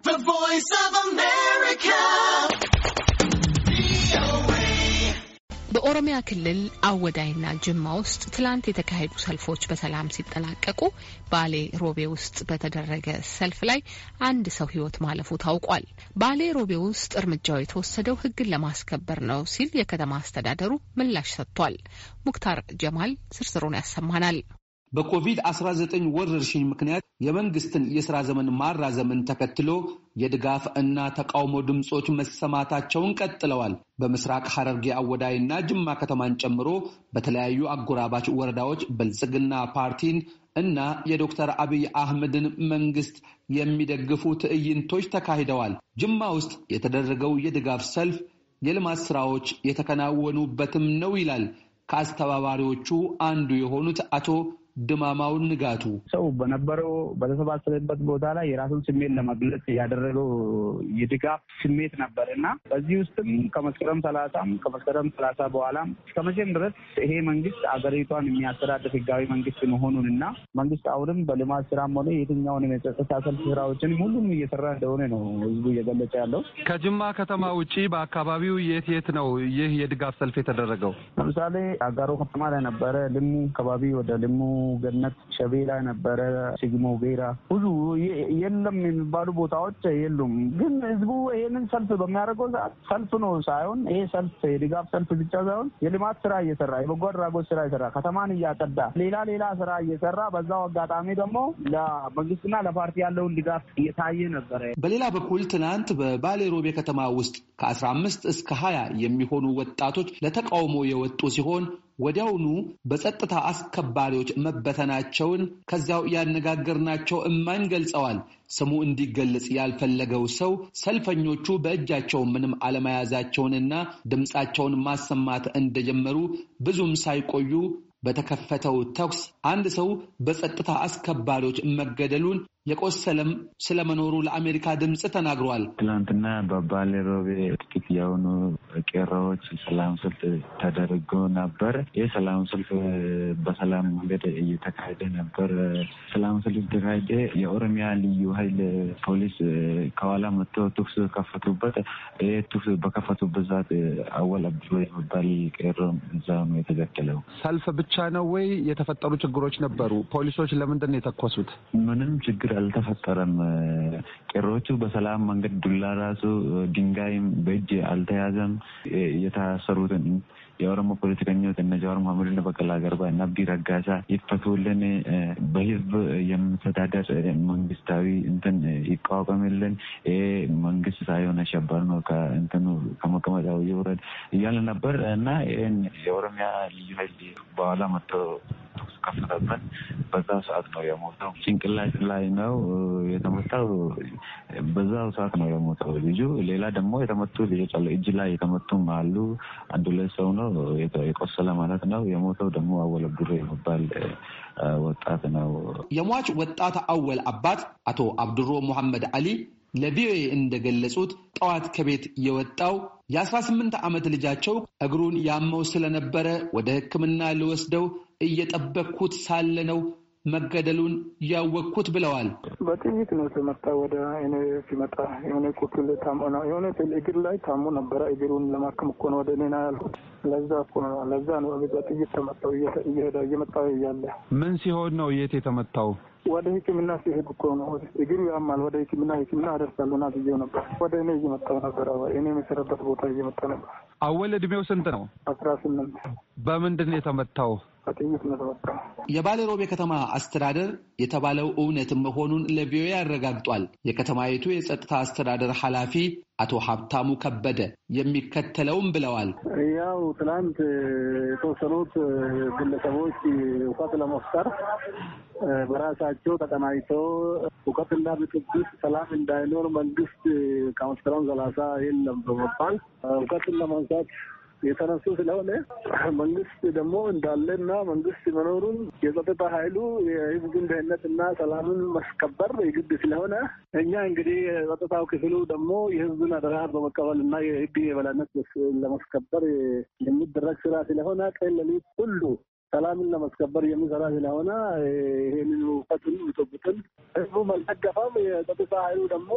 The Voice of America. በኦሮሚያ ክልል አወዳይና ጅማ ውስጥ ትላንት የተካሄዱ ሰልፎች በሰላም ሲጠናቀቁ ባሌ ሮቤ ውስጥ በተደረገ ሰልፍ ላይ አንድ ሰው ሕይወት ማለፉ ታውቋል። ባሌ ሮቤ ውስጥ እርምጃው የተወሰደው ሕግን ለማስከበር ነው ሲል የከተማ አስተዳደሩ ምላሽ ሰጥቷል። ሙክታር ጀማል ዝርዝሩን ያሰማናል። በኮቪድ-19 ወረርሽኝ ምክንያት የመንግስትን የሥራ ዘመን ማራዘምን ተከትሎ የድጋፍ እና ተቃውሞ ድምፆች መሰማታቸውን ቀጥለዋል። በምስራቅ ሐረርጌ አወዳይ እና ጅማ ከተማን ጨምሮ በተለያዩ አጎራባች ወረዳዎች ብልጽግና ፓርቲን እና የዶክተር አብይ አህመድን መንግስት የሚደግፉ ትዕይንቶች ተካሂደዋል። ጅማ ውስጥ የተደረገው የድጋፍ ሰልፍ የልማት ስራዎች የተከናወኑበትም ነው ይላል ከአስተባባሪዎቹ አንዱ የሆኑት አቶ ድማማውን ንጋቱ ሰው በነበረው በተሰባሰበበት ቦታ ላይ የራሱን ስሜት ለመግለጽ ያደረገው የድጋፍ ስሜት ነበር እና በዚህ ውስጥም ከመስከረም ሰላሳም ከመስከረም ሰላሳ በኋላም መቼም ድረስ ይሄ መንግስት አገሪቷን የሚያስተዳድር ህጋዊ መንግስት መሆኑን እና መንግስት አሁንም በልማት ስራም ሆነ የትኛውንም የጸጥታ ሰልፍ ስራዎችን ሁሉም እየሰራ እንደሆነ ነው ህዝቡ እየገለጸ ያለው። ከጅማ ከተማ ውጭ በአካባቢው የት የት ነው ይህ የድጋፍ ሰልፍ የተደረገው? ለምሳሌ አጋሮ ከተማ ላይ ነበረ። ልሙ አካባቢ ወደ ልሙ ገነት ሸቤላ ነበረ፣ ሲግሞ ጌራ ብዙ የለም የሚባሉ ቦታዎች የሉም። ግን ህዝቡ ይሄንን ሰልፍ በሚያደርገው ሰዓት ሰልፍ ነው ሳይሆን ይሄ ሰልፍ የድጋፍ ሰልፍ ብቻ ሳይሆን የልማት ስራ እየሰራ የበጎ አድራጎት ስራ እየሰራ ከተማን እያጸዳ ሌላ ሌላ ስራ እየሰራ በዛው አጋጣሚ ደግሞ ለመንግስትና ለፓርቲ ያለውን ድጋፍ እየታየ ነበረ። በሌላ በኩል ትናንት በባሌ ሮቤ ከተማ ውስጥ ከአስራ አምስት እስከ ሀያ የሚሆኑ ወጣቶች ለተቃውሞ የወጡ ሲሆን ወዲያውኑ በጸጥታ አስከባሪዎች መበተናቸውን ከዚያው ያነጋገርናቸው እማኝ ገልጸዋል። ስሙ እንዲገለጽ ያልፈለገው ሰው ሰልፈኞቹ በእጃቸው ምንም አለመያዛቸውንና ድምፃቸውን ማሰማት እንደጀመሩ ብዙም ሳይቆዩ በተከፈተው ተኩስ አንድ ሰው በጸጥታ አስከባሪዎች መገደሉን የቆሰለም ስለመኖሩ ለአሜሪካ ድምፅ ተናግሯል። ትላንትና በባሌ ሮቤ ጥቂት የሆኑ ቄሮዎች ሰላም ሰልፍ ተደርጎ ነበር። ይህ ሰላም ሰልፍ በሰላም መንገድ እየተካሄደ ነበር። ሰላም ሰልፍ የተካሄደ የኦሮሚያ ልዩ ኃይል ፖሊስ ከኋላ መጥቶ ቱክስ ከፈቱበት። ይህ ተኩስ በከፈቱበት ሰዓት አወል አብዱ የሚባል ቄሮ እዛ ነው የተገደለው። ሰልፍ ብቻ ነው ወይ የተፈጠሩ ችግሮች ነበሩ? ፖሊሶች ለምንድን ነው የተኮሱት? ምንም ችግር ያልተፈጠረም ቄሮቹ በሰላም መንገድ ዱላ ራሱ ድንጋይም በእጅ አልተያዘም። የታሰሩትን የኦሮሞ ፖለቲከኞች እነ ጃዋር መሐመድ፣ በቀላ ገርባ፣ እና አብዲ ረጋሳ ይፈቱልን፣ በህዝብ የምተዳደር መንግስታዊ እንትን ይቋቋምልን፣ ይሄ መንግስት ሳይሆን አሸባሪ ነው ከእንትኑ ከመቀመጫው ይውረድ እያለ ነበር እና ይህን የኦሮሚያ ልዩ ኃይል በኋላ መጥቶ ተኩስ ከፈተብን። በዛው ሰዓት ነው የሞተው። ጭንቅላት ላይ ነው የተመታው። በዛ ሰዓት ነው የሞተው ጭንቅላት ላይ ነው የተመታው በዛ ሰዓት ነው የሞተው ልጁ ሌላ ደግሞ የተመቱ ልጆች አሉ። እጅ ላይ የተመቱም አሉ። አንዱ ላይ ሰው ነው የቆሰለ ማለት ነው። የሞተው ደግሞ አወል አብዱሬ የሚባል ወጣት ነው። የሟች ወጣት አወል አባት አቶ አብዱሮ ሙሐመድ አሊ ለቪኦኤ እንደገለጹት ጠዋት ከቤት የወጣው የ18 ዓመት ልጃቸው እግሩን ያመው ስለነበረ ወደ ሕክምና ልወስደው እየጠበቅኩት ሳለ ነው መገደሉን ያወቅኩት ብለዋል። በጥይት ነው ስመጣ ወደ እኔ ሲመጣ የሆነ ቁትል ታሞና የሆነ እግር ላይ ታሞ ነበረ። እግሩን ለማከም እኮ ነው ወደ እኔ ያልኩት። ለዛ እኮ ነው ለዛ ነው በጥይት ተመጣው እየሄዳ እየመጣ እያለ ምን ሲሆን ነው የት የተመታው? ወደ ሕክምና ሲሄድ እኮ ነው እግር ያማል። ወደ ሕክምና ሕክምና አደርሳሉ ና ብዬው ነበር። ወደ እኔ እየመጣው ነበረ። እኔ የምሰራበት ቦታ እየመጣ ነበር። አወል እድሜው ስንት ነው? አስራ ስምንት በምንድን ነው የተመታው? የባለ ሮቤ ከተማ አስተዳደር የተባለው እውነት መሆኑን ለቪኦኤ ያረጋግጧል። የከተማይቱ የጸጥታ አስተዳደር ኃላፊ አቶ ሀብታሙ ከበደ የሚከተለውም ብለዋል። ያው ትናንት የተወሰኑት ግለሰቦች እውቀት ለመፍጠር በራሳቸው ተቀናጅተው እውቀትና ብጥብጥ ሰላም እንዳይኖር መንግስት ከመስከረም ሰላሳ የለም በመባል እውቀትን ለማንሳት የተነሱ ስለሆነ መንግስት ደግሞ እንዳለና መንግስት መኖሩን የጸጥታ ኃይሉ የህዝቡን ደህንነትና ሰላምን ማስከበር የግድ ስለሆነ እኛ እንግዲህ የጸጥታው ክፍሉ ደግሞ የህዝብን አደራ በመቀበል እና የህግ የበላይነት ለማስከበር የሚደረግ ስራ ስለሆነ ቀን ሌሊት ሁሉ ሰላምን ለማስከበር የሚሰራ ስለሆነ ይሄንን ውቀትን ይጠብቅን። ህዝቡ አልጠገፋም። የጸጥታ ኃይሉ ደግሞ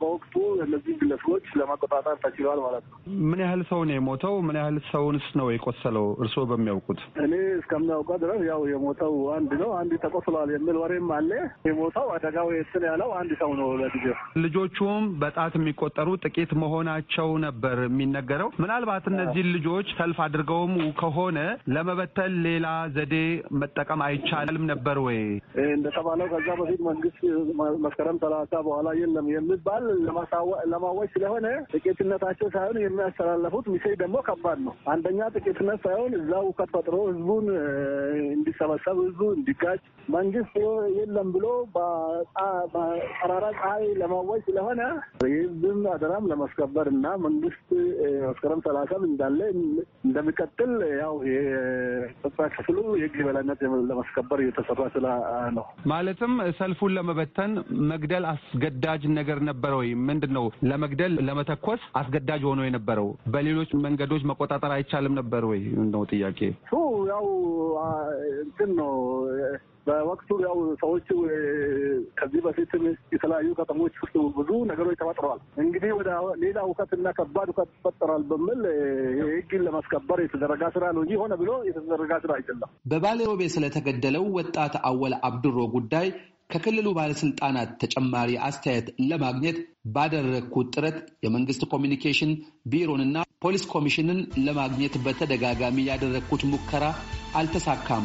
በወቅቱ እነዚህ ግለሰቦች ለመቆጣጠር ተችሏል ማለት ነው። ምን ያህል ሰው ነው የሞተው? ምን ያህል ሰውንስ ነው የቆሰለው? እርስዎ በሚያውቁት። እኔ እስከሚያውቀው ድረስ ያው የሞተው አንድ ነው፣ አንድ ተቆስሏል የሚል ወሬም አለ። የሞተው አደጋው የትን ያለው አንድ ሰው ነው። ለጊዜው ልጆቹም በጣት የሚቆጠሩ ጥቂት መሆናቸው ነበር የሚነገረው። ምናልባት እነዚህን ልጆች ሰልፍ አድርገውም ከሆነ ለመበተ ከመሰል ሌላ ዘዴ መጠቀም አይቻልም ነበር ወይ? እንደተባለው ከዛ በፊት መንግስት መስከረም ሰላሳ በኋላ የለም የሚባል ለማወጅ ስለሆነ ጥቂትነታቸው ሳይሆን የሚያስተላለፉት ሚሴ ደግሞ ከባድ ነው። አንደኛ ጥቂትነት ሳይሆን እዛ ውከት ፈጥሮ ህዝቡን እንዲሰበሰብ ህዝቡ እንዲጋጭ መንግስት የለም ብሎ ጠራራ ፀሐይ ለማወጅ ስለሆነ የህዝብን አደራም ለማስከበር እና መንግስት መስከረም ሰላሳም እንዳለ እንደሚቀጥል ያው ጸጥታ ክፍሉ የህግ የበላይነት ለማስከበር እየተሰራ ስላ ነው። ማለትም ሰልፉን ለመበተን መግደል አስገዳጅ ነገር ነበረ ወይ? ምንድን ነው ለመግደል ለመተኮስ አስገዳጅ ሆኖ የነበረው? በሌሎች መንገዶች መቆጣጠር አይቻልም ነበር ወይ ነው ጥያቄ። ያው እንትን ነው በወቅቱ ያው ሰዎቹ ከዚህ በፊት የተለያዩ ከተሞች ውስጥ ብዙ ነገሮች ተፈጥረዋል። እንግዲህ ወደ ሌላ እውቀትና ከባድ እውቀት ይፈጠራል በሚል ህግን ለማስከበር የተደረጋ ስራ ነው እንጂ ሆነ ብሎ የተደረጋ ስራ አይደለም። በባሌሮቤ ስለተገደለው ወጣት አወል አብድሮ ጉዳይ ከክልሉ ባለስልጣናት ተጨማሪ አስተያየት ለማግኘት ባደረግኩት ጥረት የመንግስት ኮሚኒኬሽን ቢሮንና ፖሊስ ኮሚሽንን ለማግኘት በተደጋጋሚ ያደረግኩት ሙከራ አልተሳካም።